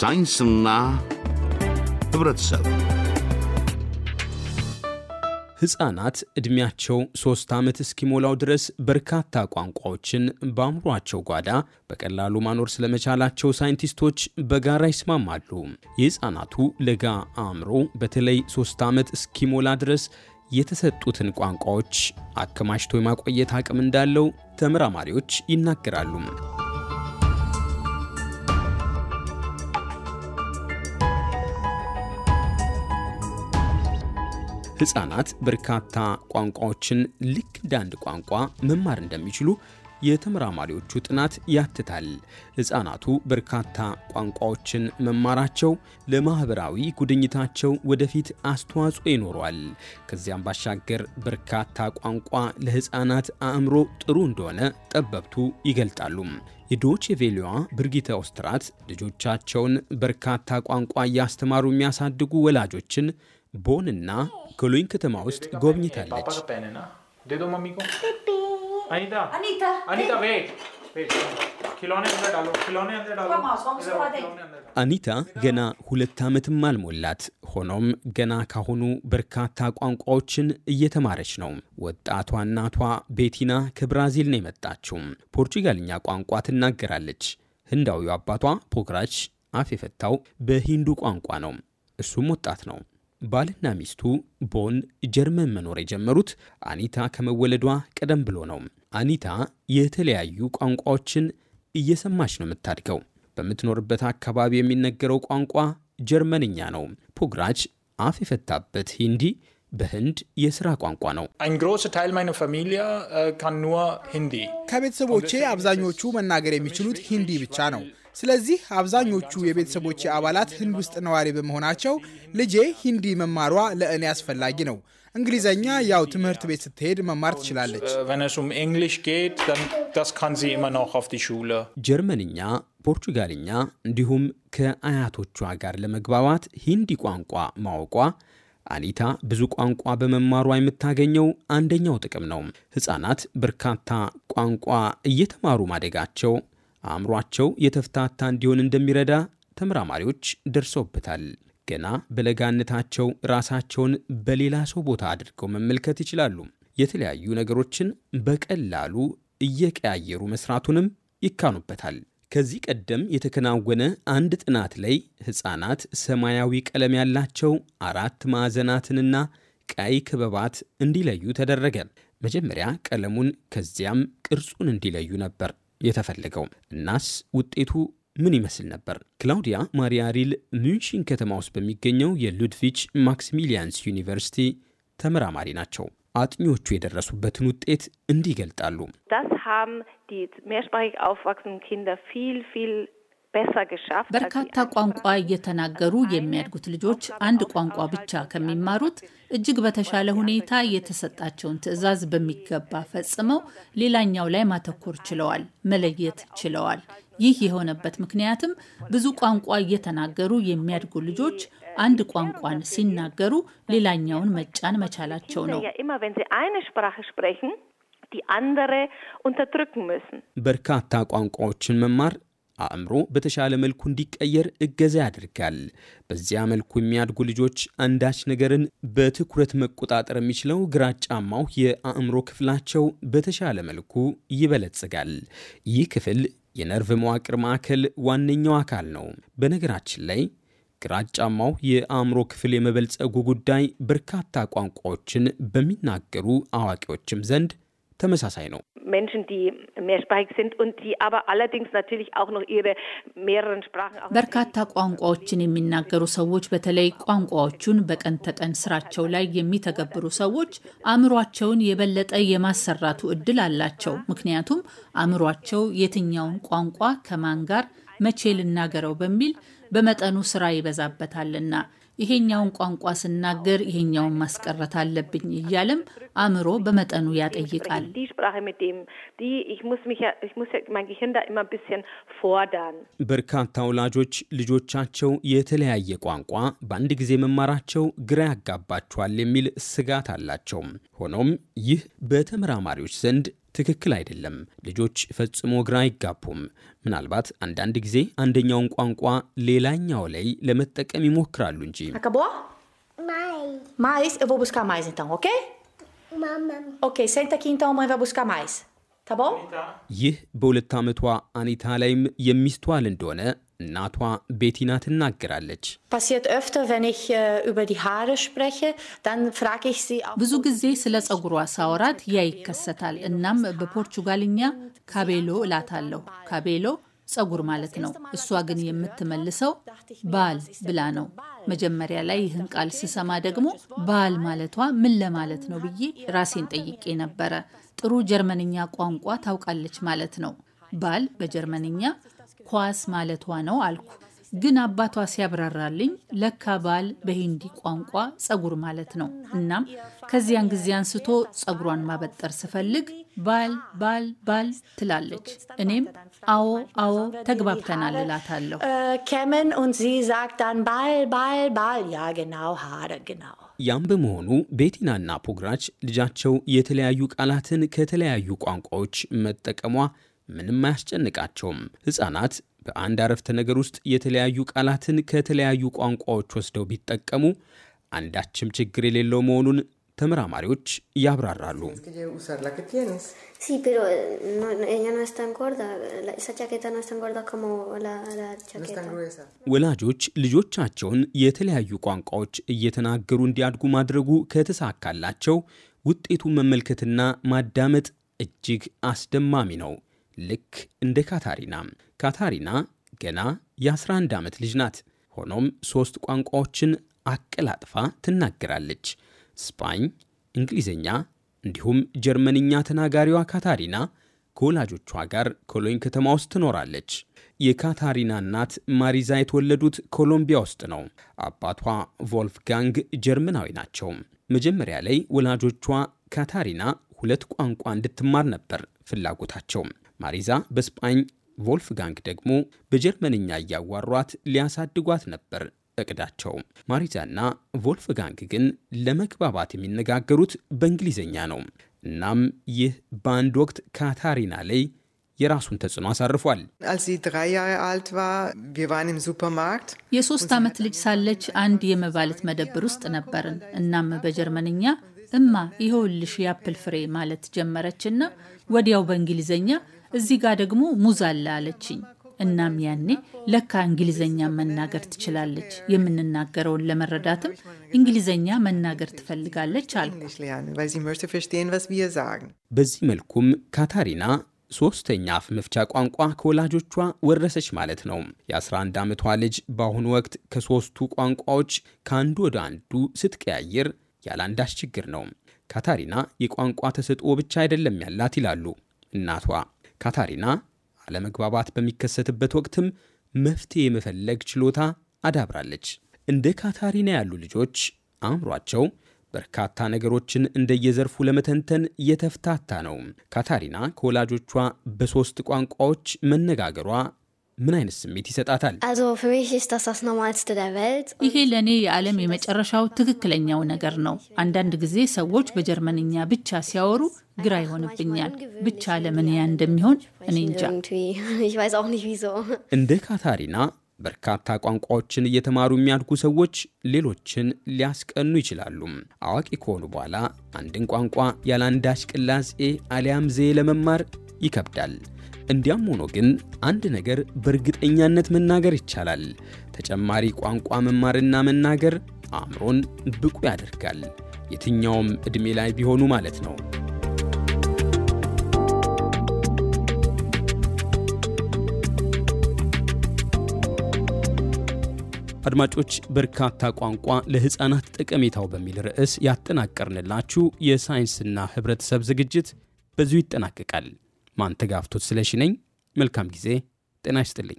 ሳይንስና ህብረተሰብ ሕፃናት ዕድሜያቸው ሦስት ዓመት እስኪሞላው ድረስ በርካታ ቋንቋዎችን በአእምሯቸው ጓዳ በቀላሉ ማኖር ስለመቻላቸው ሳይንቲስቶች በጋራ ይስማማሉ። የሕፃናቱ ለጋ አእምሮ በተለይ ሦስት ዓመት እስኪሞላ ድረስ የተሰጡትን ቋንቋዎች አከማችቶ የማቆየት አቅም እንዳለው ተመራማሪዎች ይናገራሉ። ሕፃናት በርካታ ቋንቋዎችን ልክ እንደ አንድ ቋንቋ መማር እንደሚችሉ የተመራማሪዎቹ ጥናት ያትታል። ሕፃናቱ በርካታ ቋንቋዎችን መማራቸው ለማኅበራዊ ጉድኝታቸው ወደፊት አስተዋጽኦ ይኖሯል። ከዚያም ባሻገር በርካታ ቋንቋ ለሕፃናት አእምሮ ጥሩ እንደሆነ ጠበብቱ ይገልጣሉ። የዶች ቬሊዋ ብርጊተ ኦስትራት ልጆቻቸውን በርካታ ቋንቋ እያስተማሩ የሚያሳድጉ ወላጆችን ቦንና ኮሎኝ ከተማ ውስጥ ጎብኝታለች። Anita Anita Anita wait አኒታ ገና ሁለት ዓመትም አልሞላት። ሆኖም ገና ካሁኑ በርካታ ቋንቋዎችን እየተማረች ነው። ወጣቷ እናቷ ቤቲና ከብራዚል ነው የመጣችው። ፖርቹጋልኛ ቋንቋ ትናገራለች። ህንዳዊው አባቷ ፖክራች አፍ የፈታው በሂንዱ ቋንቋ ነው። እሱም ወጣት ነው። ባልና ሚስቱ ቦን ጀርመን መኖር የጀመሩት አኒታ ከመወለዷ ቀደም ብሎ ነው። አኒታ የተለያዩ ቋንቋዎችን እየሰማች ነው የምታድገው። በምትኖርበት አካባቢ የሚነገረው ቋንቋ ጀርመንኛ ነው። ፖግራች አፍ የፈታበት ሂንዲ በህንድ የስራ ቋንቋ ነው። äh, ከቤተሰቦቼ አብዛኞቹ መናገር የሚችሉት ሂንዲ ብቻ ነው። ስለዚህ አብዛኞቹ የቤተሰቦች አባላት ህንድ ውስጥ ነዋሪ በመሆናቸው ልጄ ሂንዲ መማሯ ለእኔ አስፈላጊ ነው። እንግሊዘኛ ያው ትምህርት ቤት ስትሄድ መማር ትችላለች። um ጀርመንኛ፣ ፖርቹጋልኛ እንዲሁም ከአያቶቿ ጋር ለመግባባት ሂንዲ ቋንቋ ማወቋ አኒታ ብዙ ቋንቋ በመማሯ የምታገኘው አንደኛው ጥቅም ነው። ሕፃናት በርካታ ቋንቋ እየተማሩ ማደጋቸው አእምሯቸው የተፍታታ እንዲሆን እንደሚረዳ ተመራማሪዎች ደርሰውበታል። ገና በለጋነታቸው ራሳቸውን በሌላ ሰው ቦታ አድርገው መመልከት ይችላሉ። የተለያዩ ነገሮችን በቀላሉ እየቀያየሩ መስራቱንም ይካኑበታል። ከዚህ ቀደም የተከናወነ አንድ ጥናት ላይ ሕፃናት ሰማያዊ ቀለም ያላቸው አራት ማዕዘናትንና ቀይ ክበባት እንዲለዩ ተደረገ። መጀመሪያ ቀለሙን ከዚያም ቅርጹን እንዲለዩ ነበር የተፈለገው። እናስ ውጤቱ ምን ይመስል ነበር? ክላውዲያ ማሪያ ሪል ሚንሽን ከተማ ውስጥ በሚገኘው የሉድቪች ማክሲሚሊያንስ ዩኒቨርሲቲ ተመራማሪ ናቸው። አጥኚዎቹ የደረሱበትን ውጤት እንዲህ ይገልጣሉ። በርካታ ቋንቋ እየተናገሩ የሚያድጉት ልጆች አንድ ቋንቋ ብቻ ከሚማሩት እጅግ በተሻለ ሁኔታ የተሰጣቸውን ትዕዛዝ በሚገባ ፈጽመው ሌላኛው ላይ ማተኮር ችለዋል፣ መለየት ችለዋል። ይህ የሆነበት ምክንያትም ብዙ ቋንቋ እየተናገሩ የሚያድጉ ልጆች አንድ ቋንቋን ሲናገሩ ሌላኛውን መጫን መቻላቸው ነው። በርካታ ቋንቋዎችን መማር አእምሮ በተሻለ መልኩ እንዲቀየር እገዛ ያደርጋል። በዚያ መልኩ የሚያድጉ ልጆች አንዳች ነገርን በትኩረት መቆጣጠር የሚችለው ግራጫማው የአእምሮ ክፍላቸው በተሻለ መልኩ ይበለጽጋል። ይህ ክፍል የነርቭ መዋቅር ማዕከል ዋነኛው አካል ነው። በነገራችን ላይ ግራጫማው የአእምሮ ክፍል የመበልጸጉ ጉዳይ በርካታ ቋንቋዎችን በሚናገሩ አዋቂዎችም ዘንድ ተመሳሳይ ነው። በርካታ ቋንቋዎችን የሚናገሩ ሰዎች በተለይ ቋንቋዎቹን በቀን ተቀን ስራቸው ላይ የሚተገብሩ ሰዎች አእምሯቸውን የበለጠ የማሰራቱ እድል አላቸው። ምክንያቱም አእምሯቸው የትኛውን ቋንቋ ከማን ጋር መቼ ልናገረው በሚል በመጠኑ ስራ ይበዛበታልና ይሄኛውን ቋንቋ ስናገር ይሄኛውን ማስቀረት አለብኝ እያለም አእምሮ በመጠኑ ያጠይቃል። በርካታ ወላጆች ልጆቻቸው የተለያየ ቋንቋ በአንድ ጊዜ መማራቸው ግራ ያጋባቸዋል የሚል ስጋት አላቸው። ሆኖም ይህ በተመራማሪዎች ዘንድ ትክክል አይደለም። ልጆች ፈጽሞ ግራ አይጋቡም። ምናልባት አንዳንድ ጊዜ አንደኛውን ቋንቋ ሌላኛው ላይ ለመጠቀም ይሞክራሉ እንጂ ማይስ ቡስካ ማይስ ኦኬ ኦኬ ሴንታ ኪ ማይ ቡስካ ማይስ ይህ በሁለት ዓመቷ አኒታ ላይም የሚስተዋል እንደሆነ እናቷ ቤቲና ትናገራለች። äh, ብዙ ጊዜ ስለ ጸጉሯ ሳወራት ያ ይከሰታል። እናም በፖርቹጋልኛ ካቤሎ እላታለሁ። ካቤሎ ጸጉር ማለት ነው። እሷ ግን የምትመልሰው ባል ብላ ነው። መጀመሪያ ላይ ይህን ቃል ስሰማ ደግሞ ባል ማለቷ ምን ለማለት ነው ብዬ ራሴን ጠይቄ ነበረ። ጥሩ ጀርመንኛ ቋንቋ ታውቃለች ማለት ነው። ባል በጀርመንኛ ኳስ ማለቷ ነው አልኩ። ግን አባቷ ሲያብራራልኝ ለካ ባል በሂንዲ ቋንቋ ጸጉር ማለት ነው። እናም ከዚያን ጊዜ አንስቶ ጸጉሯን ማበጠር ስፈልግ ባል ባል ባል ትላለች። እኔም አዎ አዎ ተግባብተናል እላታለሁ። ያም በመሆኑ ቤቲናና ፖግራች ልጃቸው የተለያዩ ቃላትን ከተለያዩ ቋንቋዎች መጠቀሟ ምንም አያስጨንቃቸውም። ሕፃናት በአንድ አረፍተ ነገር ውስጥ የተለያዩ ቃላትን ከተለያዩ ቋንቋዎች ወስደው ቢጠቀሙ አንዳችም ችግር የሌለው መሆኑን ተመራማሪዎች ያብራራሉ። ወላጆች ልጆቻቸውን የተለያዩ ቋንቋዎች እየተናገሩ እንዲያድጉ ማድረጉ ከተሳካላቸው ውጤቱን መመልከትና ማዳመጥ እጅግ አስደማሚ ነው። ልክ እንደ ካታሪና። ካታሪና ገና የ11 ዓመት ልጅ ናት። ሆኖም ሶስት ቋንቋዎችን አቀላጥፋ ትናገራለች። ስፓኝ፣ እንግሊዝኛ እንዲሁም ጀርመንኛ ተናጋሪዋ ካታሪና ከወላጆቿ ጋር ኮሎኝ ከተማ ውስጥ ትኖራለች። የካታሪና እናት ማሪዛ የተወለዱት ኮሎምቢያ ውስጥ ነው። አባቷ ቮልፍጋንግ ጀርመናዊ ናቸው። መጀመሪያ ላይ ወላጆቿ ካታሪና ሁለት ቋንቋ እንድትማር ነበር ፍላጎታቸው። ማሪዛ በስፓኝ ቮልፍጋንግ ደግሞ በጀርመንኛ እያዋሯት ሊያሳድጓት ነበር እቅዳቸው። ማሪዛና ቮልፍጋንግ ግን ለመግባባት የሚነጋገሩት በእንግሊዝኛ ነው። እናም ይህ በአንድ ወቅት ካታሪና ላይ የራሱን ተጽዕኖ አሳርፏል። የሶስት ዓመት ልጅ ሳለች አንድ የመባለት መደብር ውስጥ ነበርን። እናም በጀርመንኛ እማ ይኸውልሽ የአፕል ፍሬ ማለት ጀመረችና ወዲያው በእንግሊዝኛ እዚህ ጋር ደግሞ ሙዝ አለ አለችኝ። እናም ያኔ ለካ እንግሊዘኛ መናገር ትችላለች፣ የምንናገረውን ለመረዳትም እንግሊዘኛ መናገር ትፈልጋለች አልኩ። በዚህ መልኩም ካታሪና ሶስተኛ አፍ መፍቻ ቋንቋ ከወላጆቿ ወረሰች ማለት ነው። የ11 ዓመቷ ልጅ በአሁኑ ወቅት ከሶስቱ ቋንቋዎች ከአንዱ ወደ አንዱ ስትቀያየር ያለአንዳች ችግር ነው። ካታሪና የቋንቋ ተሰጥኦ ብቻ አይደለም ያላት ይላሉ እናቷ። ካታሪና አለመግባባት በሚከሰትበት ወቅትም መፍትሄ የመፈለግ ችሎታ አዳብራለች። እንደ ካታሪና ያሉ ልጆች አእምሯቸው በርካታ ነገሮችን እንደየዘርፉ ለመተንተን የተፍታታ ነው። ካታሪና ከወላጆቿ በሦስት ቋንቋዎች መነጋገሯ ምን አይነት ስሜት ይሰጣታል? ይሄ ለእኔ የዓለም የመጨረሻው ትክክለኛው ነገር ነው። አንዳንድ ጊዜ ሰዎች በጀርመንኛ ብቻ ሲያወሩ ግራ ይሆንብኛል። ብቻ ለምን ያ እንደሚሆን እኔ እንጃ። እንደ ካታሪና በርካታ ቋንቋዎችን እየተማሩ የሚያድጉ ሰዎች ሌሎችን ሊያስቀኑ ይችላሉ። አዋቂ ከሆኑ በኋላ አንድን ቋንቋ ያለ አንዳች ቅላጼ አሊያም ዘዬ ለመማር ይከብዳል። እንዲያም ሆኖ ግን አንድ ነገር በእርግጠኛነት መናገር ይቻላል። ተጨማሪ ቋንቋ መማርና መናገር አእምሮን ብቁ ያደርጋል፣ የትኛውም ዕድሜ ላይ ቢሆኑ ማለት ነው። አድማጮች በርካታ ቋንቋ ለሕፃናት ጠቀሜታው በሚል ርዕስ ያጠናቀርንላችሁ የሳይንስና ሕብረተሰብ ዝግጅት በዚሁ ይጠናቀቃል። ማንተጋፍቶት ስለሺ ስለሽነኝ መልካም ጊዜ። ጤና ይስጥልኝ።